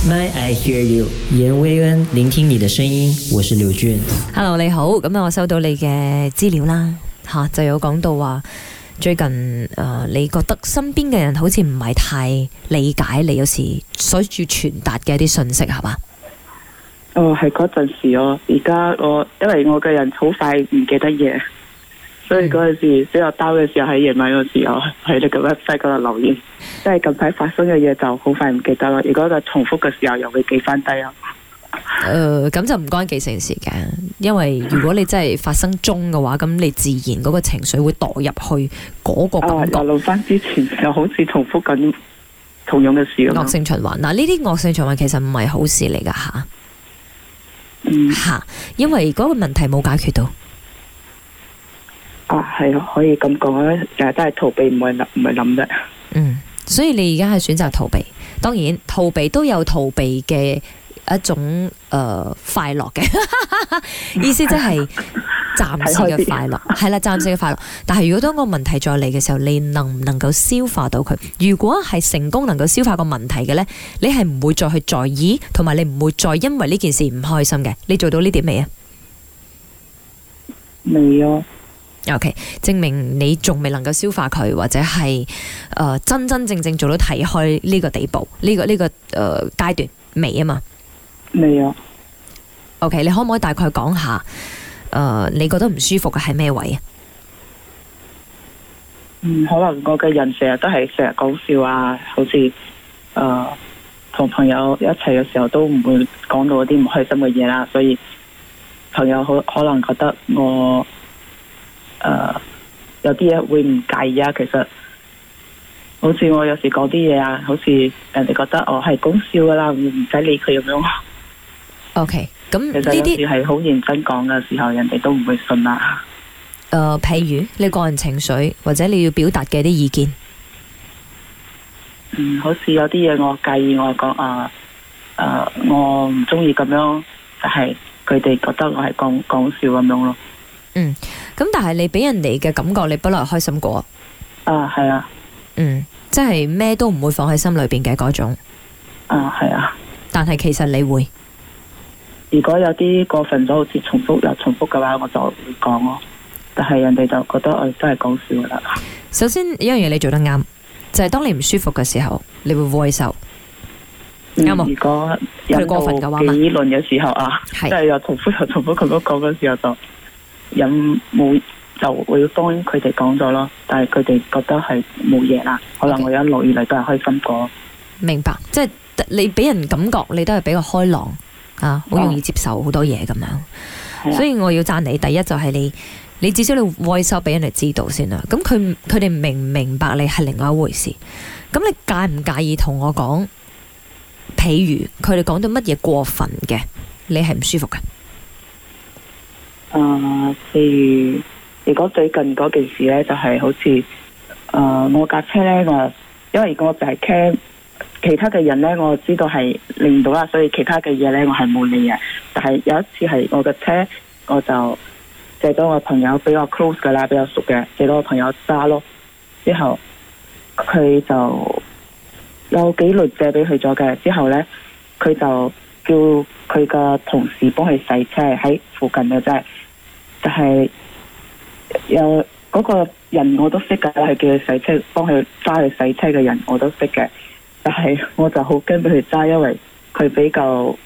May I hear you？嚴威恩，聆聽你的聲音。我是劉俊。Hello，你好。咁啊，我收到你嘅資料啦。吓、啊，就有講到話最近誒、呃，你覺得身邊嘅人好似唔係太理解你有時所要傳達嘅一啲信息，係嘛？哦、oh，係嗰陣時我而家我因為我個人好快唔記得嘢。嗯、所以嗰陣時，只有兜嘅時候喺夜晚嗰時候，喺你咁樣細個度留言，即係近排發生嘅嘢就好快唔記得咯。如果就重複嘅時候又會，又去記翻低咯。誒，咁就唔關記性事嘅，因為如果你真係發生中嘅話，咁你自然嗰個情緒會墮入去嗰個感覺。翻、哦、之前就好似重複緊同樣嘅事啊。惡性循環嗱，呢啲惡性循環其實唔係好事嚟噶吓。嗯。吓、啊，因為嗰個問題冇解決到。啊，係咯，可以咁講咧，但係都係逃避，唔係諗，唔係諗啫。嗯，所以你而家係選擇逃避，當然逃避都有逃避嘅一種誒快樂嘅，意思即係暫時嘅快樂，係啦，暫時嘅快樂。但係如果當個問題再嚟嘅時候，你能唔能夠消化到佢？如果係成功能夠消化個問題嘅呢，你係唔會再去在意，同埋你唔會再因為呢件事唔開心嘅。你做到呢點未啊？未啊。OK，證明你仲未能夠消化佢，或者係誒真真正正做到睇開呢個地步，呢個呢個誒階段未啊嘛？未啊。OK，你可唔可以大概講下誒你覺得唔舒服嘅係咩位啊？嗯，可能我嘅人成日都係成日講笑啊，好似誒同朋友一齊嘅時候都唔會講到一啲唔開心嘅嘢啦，所以朋友好可能覺得我。誒，uh, 有啲嘢會唔介意啊？其實好似我有時講啲嘢啊，好似人哋覺得我係講笑噶啦，唔使理佢咁樣。OK，咁其實有啲係好認真講嘅時候，人哋都唔會信啦。誒，uh, 譬如你個人情緒，或者你要表達嘅啲意見。嗯，好似有啲嘢我介意我講，誒，我唔中意咁樣，就係佢哋覺得我係講講笑咁樣咯。嗯。咁但係你俾人哋嘅感覺，你不耐開心過？啊，係啊，嗯，即係咩都唔會放喺心裏邊嘅嗰種。啊，係啊，但係其實你會，如果有啲過分咗，好似重複又重複嘅話，我就會講咯。但係人哋就覺得我哋都係講笑啦。首先，一樣嘢你做得啱，就係當你唔舒服嘅時候，你會 voice out 啱，如果有過分嘅話嘛。辯論嘅時候啊，即係又重複又重複咁樣講嘅時候就。有冇就會幫佢哋講咗咯，但係佢哋覺得係冇嘢啦。Okay. 可能我一路以嚟都係開心過，明白。即、就、係、是、你俾人感覺，你都係比較開朗、oh. 啊，好容易接受好多嘢咁樣。Oh. 所以我要讚你，第一就係你，你至少你 voice out 俾人哋知道先啦。咁佢佢哋明唔明白你係另外一回事。咁你介唔介意同我講？譬如佢哋講到乜嘢過分嘅，你係唔舒服嘅。啊，譬如、呃、如果最近嗰件事咧，就係、是、好似誒、呃、我架車咧，話因為我就係驚其他嘅人咧，我知道係令到啦，所以其他嘅嘢咧，我係冇理嘅。但係有一次係我嘅車，我就借咗我朋友比較 close 噶啦，比較熟嘅借到我朋友揸咯。之後佢就有幾輪借俾佢咗嘅，之後咧佢就叫。佢個同事幫佢洗車喺附近嘅啫，但係又嗰個人我都識嘅，係叫佢洗車幫佢揸去洗車嘅人我都識嘅，但係我就好驚俾佢揸，因為佢比較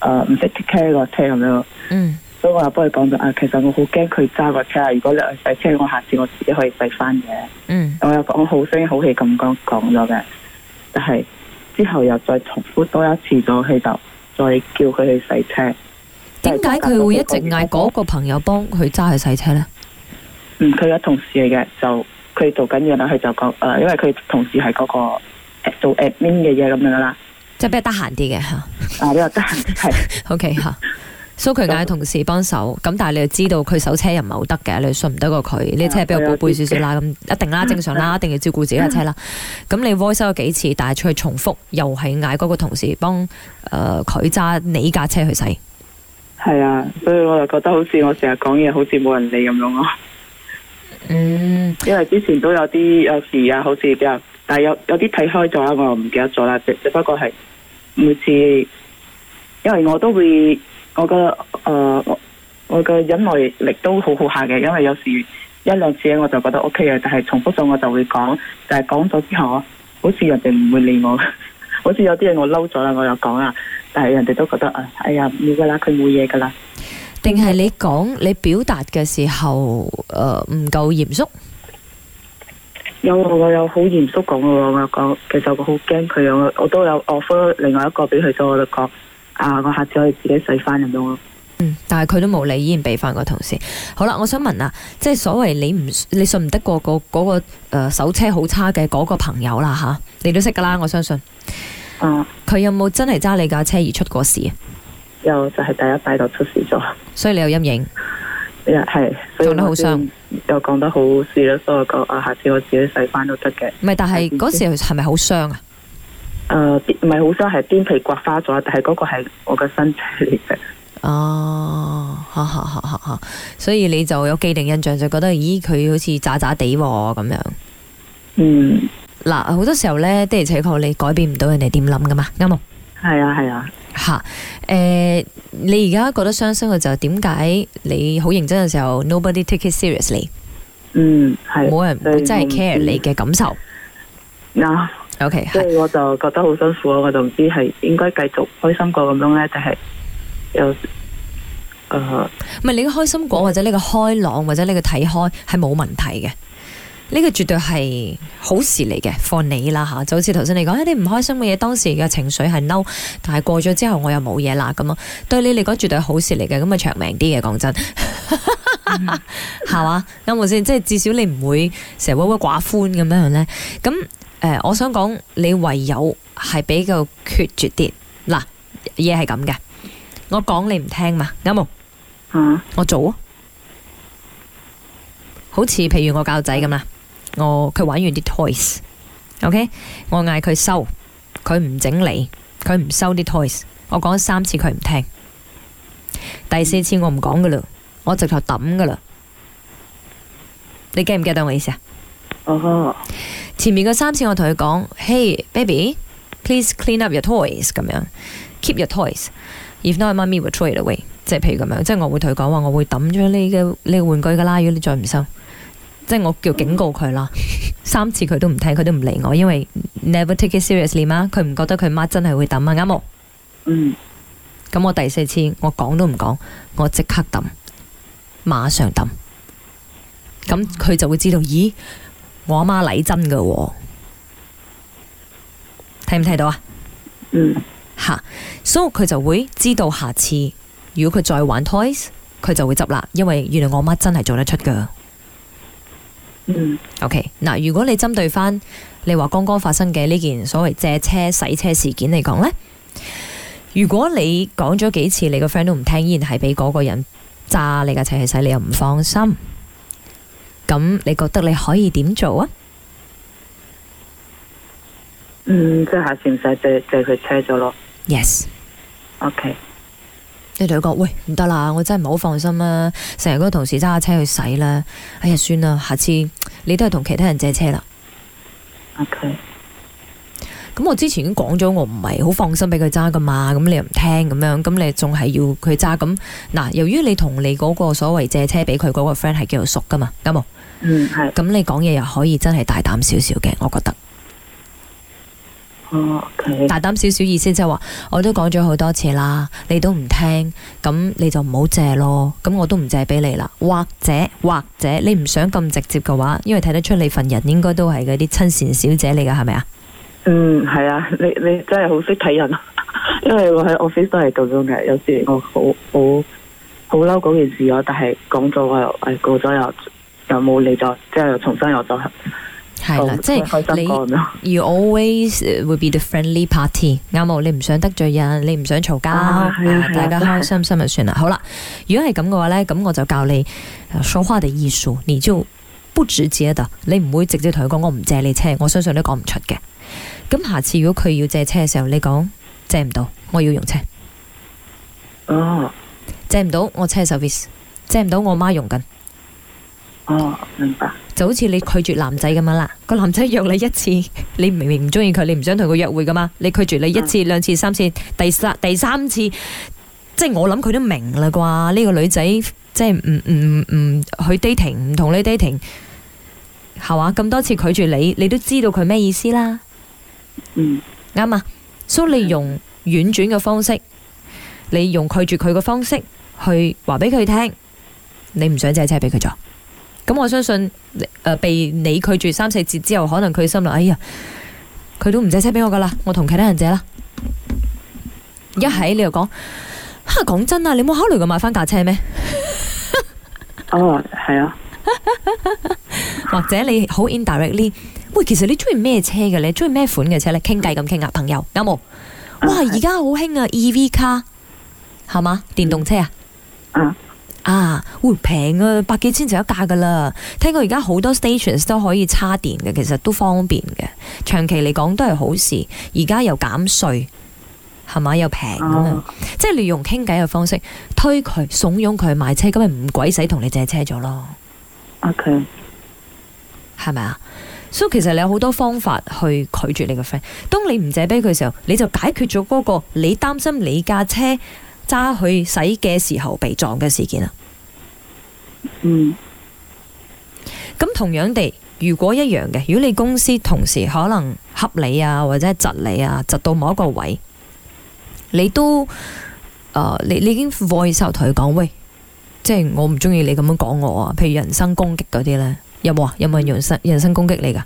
誒唔識 take care 個車咁樣。嗯、呃。Car, 是是 mm. 所以我又幫佢講咗，啊，其實我好驚佢揸個車啊！如果你去洗車，我下次我自己可以洗翻嘅。嗯、mm.。我又講好聲好氣咁講講咗嘅，但係之後又再重複多一次咗喺度。再叫佢去洗車，點解佢會一直嗌嗰個朋友幫佢揸去洗車咧？嗯，佢個同事嚟嘅，就佢做緊嘢啦，佢就講，誒，因為佢同事係嗰個做 admin 嘅嘢咁樣啦，即係比較得閒啲嘅吓，啊，比較得閒啲係，OK 吓。 蘇佢嗌同事幫手，咁但係你又知道佢手車又唔係好得嘅，你信唔得過佢，呢 Yeah, 車俾我寶貝少少啦，咁 yeah,、嗯、一定啦，正常啦，yeah, 一定要照顧自己架車啦。咁 yeah, 你 voice 咗幾次，但係出去重複又係嗌嗰個同事幫誒佢揸你架車去洗。係啊，所以我又覺得好似我成日講嘢好似冇人理咁樣咯。嗯、 mm，hmm. 因為之前都有啲有時啊，好似比較但係有有啲睇開咗，我又唔記得咗啦，只只不過係每次，因為我都會。我個誒、呃，我個忍耐力都好好下嘅，因為有時一兩次我就覺得 OK 啊，但係重複咗我就會講，但係講咗之後，好似人哋唔會理我，好似有啲嘢我嬲咗啦，我又講啊，但係人哋都覺得啊，哎呀，冇噶啦，佢冇嘢噶啦。定係你講你表達嘅時候，誒、呃、唔夠嚴肅？有啊，我有好嚴肅講噶，我講，其實我好驚佢有，我都有 offer 另外一個俾佢做，我就講。啊！我下次可以自己洗翻咁樣咯。嗯，但係佢都冇理，依然俾翻個同事。好啦，我想問啊，即係所謂你唔你信唔得過、嗰個誒、嗰個呃、手車好差嘅嗰個朋友啦吓，你都識噶啦，我相信。啊！佢有冇真係揸你架車而出過事啊？有就係、是、第一擺度出事咗，所以你有陰影。啊，係撞得好傷，又講得好笑咯。所以我講啊，下次我自己洗翻都得嘅。唔係是，但係嗰時係咪好傷啊？誒，唔係、呃、好多係邊皮刮花咗，但係嗰個係我嘅身體嚟嘅。哦，吓吓吓吓吓，所以你就有既定印象，就覺得咦，佢好似渣渣地咁樣。嗯，嗱、啊，好多時候咧，的而且確你改變唔到人哋點諗噶嘛，啱唔？係啊係啊。吓、啊，誒、啊呃，你而家覺得傷心嘅就係點解你好認真嘅時候，nobody take it seriously。嗯，係冇人會真係 care 你嘅感受。嗱。O K，所以我就覺得好辛苦，我就唔知係應該繼續開心果咁樣咧，就係有誒？唔係你嘅開心果或者呢個開朗或者呢個睇開係冇問題嘅，呢、呢個絕對係好事嚟嘅，放你啦吓。就好似頭先你講，一啲、哎、唔開心嘅嘢，當時嘅情緒係嬲，但係過咗之後我又冇嘢啦咁咯。對你嚟講絕對係好事嚟嘅，咁啊長命啲嘅，講真係嘛啱冇先，即係至少你唔會成日鬱鬱寡歡咁樣咧咁。呃、我想講你唯有係比較決絕啲，嗱，嘢係咁嘅。我講你唔聽嘛，啱冇。啊、我做啊，好似譬如我教仔咁啦，我佢玩完啲 toys，OK，okay? 我嗌佢收，佢唔整理，佢唔收啲 toys，我講三次佢唔聽，第四次我唔講噶啦，我直頭抌噶啦。你 get 唔 get 到我意思啊？哦前面嘅三次我同佢講，Hey baby，please clean up your toys 咁樣，keep your toys。If not，mummy will throw it away。即係譬如咁樣，即係我會同佢講話，我會抌咗你嘅你嘅玩具噶啦。如果你再唔收，即係我叫警告佢啦。三次佢都唔聽，佢都唔理我，因為 never take it seriously 嘛。佢唔覺得佢媽真係會抌啊，啱冇？嗯。咁我第四次我講都唔講，我即刻抌，馬上抌。咁佢就會知道，嗯、咦？我阿媽禮真噶，、哦，睇唔睇到啊？嗯、mm.，吓，所以佢就會知道下次如果佢再玩 toys，佢就會執啦，因為原來我阿媽真係做得出噶。嗯、mm.，OK，嗱，如果你針對翻你話剛剛發生嘅呢件所謂借車洗車事件嚟講呢，如果你講咗幾次你個 friend 都唔聽，依然係俾嗰個人揸你架車去洗，你又唔放心。咁你覺得你可以點做啊？嗯，即下次唔使借借佢車咗咯。Yes，OK。你同佢講喂，唔得啦，我真係唔好放心啦。成日嗰個同事揸車去洗啦。哎呀，算啦，下次你都係同其他人借車啦。OK。咁我之前已經講咗，我唔係好放心俾佢揸噶嘛。咁你又唔聽咁樣，咁你仲係要佢揸咁嗱？由於你同你嗰個所謂借車俾佢嗰個 friend 係叫做熟噶嘛，啱嗯，係咁你講嘢又可以真係大膽少少嘅，我覺得。Okay. 大膽少少意思即係話，我都講咗好多次啦，你都唔聽，咁你就唔好借咯，咁我都唔借俾你啦。或者或者你唔想咁直接嘅話，因為睇得出你份人應該都係嗰啲親善小姐嚟㗎，係咪啊？嗯，係啊，你你真係好識睇人， 因為我喺 office 都係咁樣嘅，有時我好好好嬲嗰件事啊，但係講咗我又過咗又。有冇理咗？即係又重新又再係啦，的即係你。You always 會 be the friendly party。啱，毛，你唔想得罪人，你唔想嘈交，大家開心心就算啦。的好啦，如果係咁嘅話呢，咁我就教你說話嘅藝術。你就不止字喺度，你唔會直接同佢講我唔借你車。我相信你講唔出嘅。咁下次如果佢要借車嘅時候，你講借唔到，我要用車。哦，借唔到，我車係 service 借唔到，我媽用緊。哦，明白。就好似你拒絕男仔咁樣啦，個男仔約你一次，你明明唔中意佢，你唔想同佢約會噶嘛？你拒絕你一次、兩、嗯、次、三次，第三第三次，即係我諗佢都明啦啩？呢、呢個女仔即係唔唔唔去 dating，唔同你 dating，係嘛？咁多次拒絕你，你都知道佢咩意思啦。嗯，啱啊。所、so、以你用婉轉嘅方式，你用拒絕佢嘅方式去話俾佢聽，你唔想借車俾佢做。咁、嗯、我相信誒、呃，被你拒絕三四次之後，可能佢心諗：哎呀，佢都唔借車俾我噶啦，我同其他人借啦。而家喺你又講，哈，講真啊，真你冇考慮過買翻架車咩？哦，係啊。或者你好 indirectly，喂，其實你中意咩車嘅，你中意咩款嘅車咧？傾偈咁傾啊，朋友有冇？Uh, 哇，而家好興啊，E V 卡係嘛，電動車啊。嗯。啊，會平啊，百幾千就一架噶啦！聽講而家好多 stations 都可以叉電嘅，其實都方便嘅，長期嚟講都係好事。而家又減稅，係咪？又平啊！即係你用傾偈嘅方式推佢，慫恿佢買車，咁咪唔鬼使同你借車咗咯。啊 Okay.，佢係咪啊？所以其實你有好多方法去拒絕你個 friend。當你唔借俾佢嘅時候，你就解決咗嗰個你擔心你架車揸去洗嘅時候被撞嘅事件啊，嗯，咁同樣地，如果一樣嘅，如果你公司同事可能恰你啊，或者窒你啊，窒、啊、到某一個位，你都，誒、呃，你你已經可以收頭同佢講喂，即係我唔中意你咁樣講我啊，譬如人身攻擊嗰啲咧，有冇啊？有冇人人身人身攻擊你噶？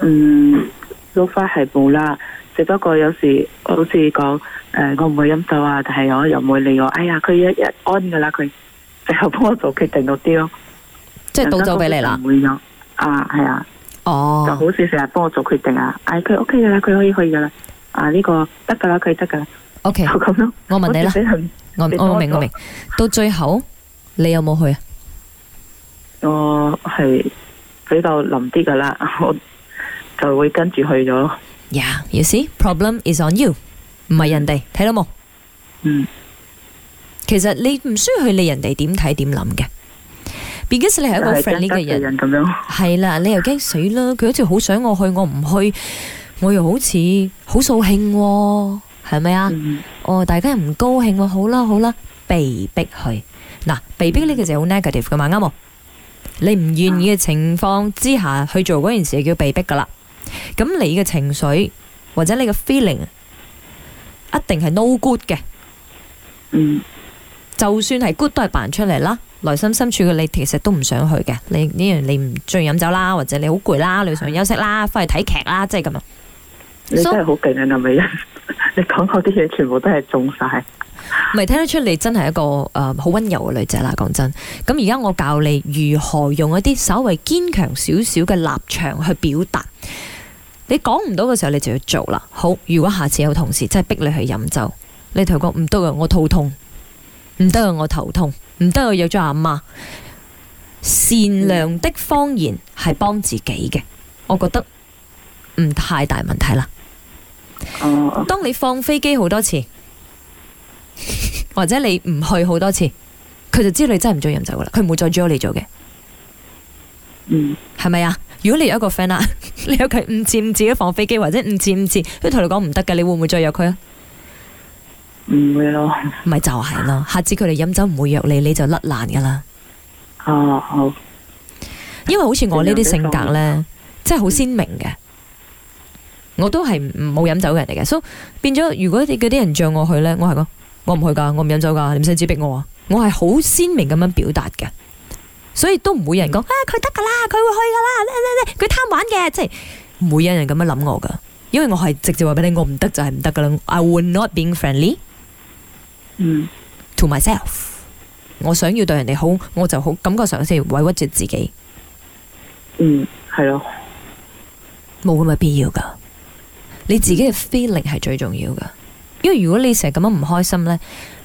嗯，都翻係冇啦。只不過有時好似講誒，我唔會飲酒啊，但係我又唔會理我。哎呀，佢一一安噶啦，佢就幫我做決定嗰啲咯，即係倒咗俾你啦。唔會咯，啊係啊，哦，就好似成日幫我做決定啊。哎，佢 OK 噶啦，佢可以去噶啦。啊呢、呢個得噶啦，佢得噶啦。O Okay , K 就咁咯。我問你啦我，我明我明。到最後你有冇去啊？ 我係比較臨啲噶啦， 我就會跟住去咗。呀，you see problem is on you，唔係人哋睇到冇？嗯、mm，hmm. 其實你唔需要去理人哋點睇點諗嘅，because 你係一個 friendly 嘅人，係啦人，你又驚死啦，佢好似好想我去，我唔去，我又好似好掃興，係咪啊？Mm hmm. 哦，大家又唔高興，好啦好啦，被逼去，嗱，被逼呢個字好 negative 噶嘛，啱冇？你唔願意嘅情況之下去做嗰件事，就叫被逼噶啦。咁你嘅情緒或者你嘅 feeling 一定係 no good 嘅，嗯，就算係 good 都係扮出嚟啦。內心深處嘅你其實都唔想去嘅。你呢樣你唔中意飲酒啦，或者你好攰啦，你想休息啦，翻去睇劇啦，即係咁樣！你真係好勁啊，係咪啊，你講我啲嘢全部都係中晒，咪聽得出你真係一個誒好溫柔嘅女仔啦。講真，咁而家我教你如何用一啲稍為堅強少少嘅立場去表達。你講唔到嘅時候你就要做啦。好，如果下次有同事真係逼你去飲酒，你同佢講唔得啊，我肚痛，唔得啊，我頭痛，唔得啊，約咗阿媽。善良的謊言係幫自己嘅，我覺得唔太大問題啦。哦、啊。當你放飛機好多次，或者你唔去好多次，佢就知道你真係唔中意飲酒噶啦。佢唔會再招你做嘅。嗯。係咪啊？如果你有一個 friend 啊， 你有佢唔接唔接，放飛機或者唔接唔接，都同你講唔得嘅，你會唔會再約佢啊？唔會咯，咪就係咯，下次佢哋飲酒唔會約你，你就甩爛噶啦。啊、因為好似我呢啲性格呢，呃呃呃、真係好鮮明嘅，嗯、我都係冇飲酒嘅人嚟嘅，所以變咗如果你啲人約我去呢，我係講我唔去噶，我唔飲酒噶，你唔使指逼我啊，我係好鮮明咁樣表達嘅。所以都唔會有人講啊，佢得噶啦，佢會去噶啦，咧咧咧，佢貪玩嘅，即係唔會有人咁、啊、樣諗我噶，因為我係直接話俾你，我唔得就係唔得噶啦。I will not be friendly 嗯。嗯，to myself，我想要對人哋好，我就好感覺上先委屈住自己。嗯，係咯，冇咁嘅必要噶，你自己嘅 feeling 係最重要噶，因為如果你成日咁樣唔開心咧，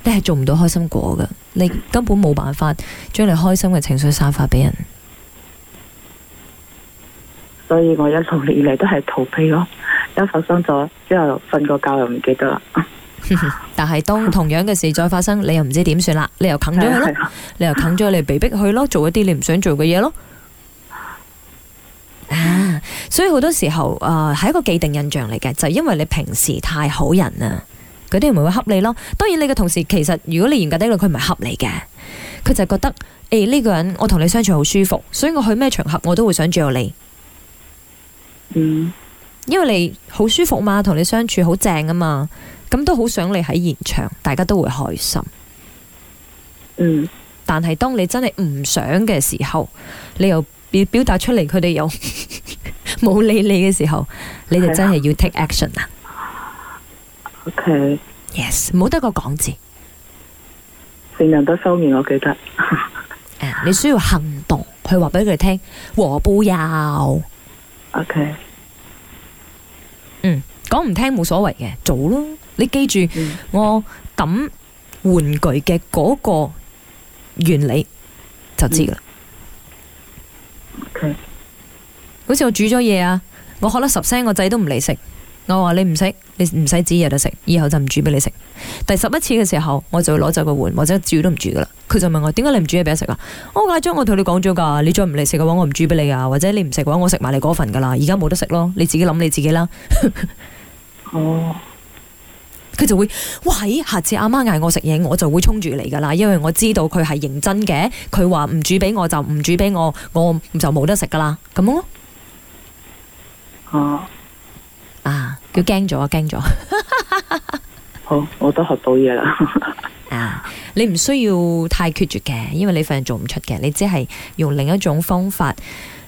你係做唔到開心果㗎，你根本冇辦法將你開心嘅情緒散發俾人。所以我一路以嚟都係逃避咯，一發生咗之後瞓個覺又唔記得啦。 但係當同樣嘅事再發生， 你又唔知點算啦，你又啃咗佢咯，你又啃咗你被逼去咯，做一啲你唔想做嘅嘢咯。 所以好多時候啊，係、呃、一個既定印象嚟嘅，就係因為你平時太好人呀。佢啲人會恰你咯，當然你嘅同事，其實如果你嚴格低啲，佢唔係恰你嘅，佢就係覺得誒呢、欸這個人我同你相處好舒服，所以我去咩場合我都會想住有你。嗯，因為你好舒服嘛，同你相處好正啊嘛，咁都好想你喺現場，大家都會開心。嗯，但係當你真係唔想嘅時候，你又要表達出嚟，佢哋又冇 理你嘅時候，你就真係要 take action 啊！嗯嗯 O K，Yes，冇得個講字，成人都收面，我記得。 uh, 你需要行動去話俾佢聽，和布幼。O Okay . K，嗯，講唔聽冇所謂嘅，做咯。你記住、mm. 我抌玩具嘅嗰個原理就知啦。O K，好似我煮咗嘢啊，我喝咗十聲，個仔都唔嚟食。我話你唔食，你唔使煮嘢食，以後就唔煮俾你食。第十一次嘅時候，我就攞走個碗，或者煮都唔煮噶啦。佢就問我點解你唔煮嘢俾佢食啊？我假裝我同你講咗噶，你再唔嚟食嘅話，我唔煮俾你啊，或者你唔食嘅話，我食埋你嗰份噶啦。而家冇得食咯，你自己諗你自己啦。 哦，佢就會，喂，下次阿媽嗌我食嘢，我就會衝住嚟噶啦，因為我知道佢係認真嘅。佢話唔煮俾我就唔煮俾我，我就冇得食噶啦。咁咯，哦，啊。佢驚咗，啊，驚咗。 好，我都學到嘢啦。 啊，你唔需要太決絕嘅，因為你份人做唔出嘅，你只係用另一種方法，誒、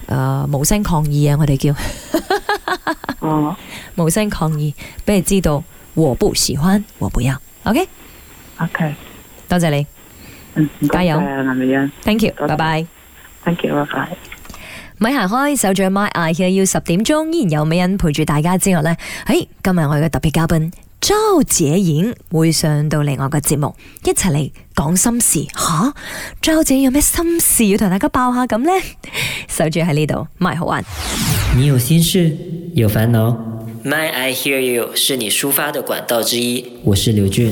呃，無聲抗議啊，我哋叫。 哦。無聲抗議，俾你知道我不喜歡，我不要。OK。OK。多謝你。嗯，加油。嗯、thank you，拜拜謝。Bye bye thank you，拜拜。咪行開，守住 my I hear you 十點鐘，依然有美人陪住大家之外呢，喺、哎、今日我嘅特別嘉賓周姐演會上到另外嘅節目，一齊嚟講心事吓。周姐有咩心事要同大家爆下咁呢？守住喺呢度，my 好玩！你有心事，有煩惱，my I hear you 是你抒發的管道之一。我是劉俊。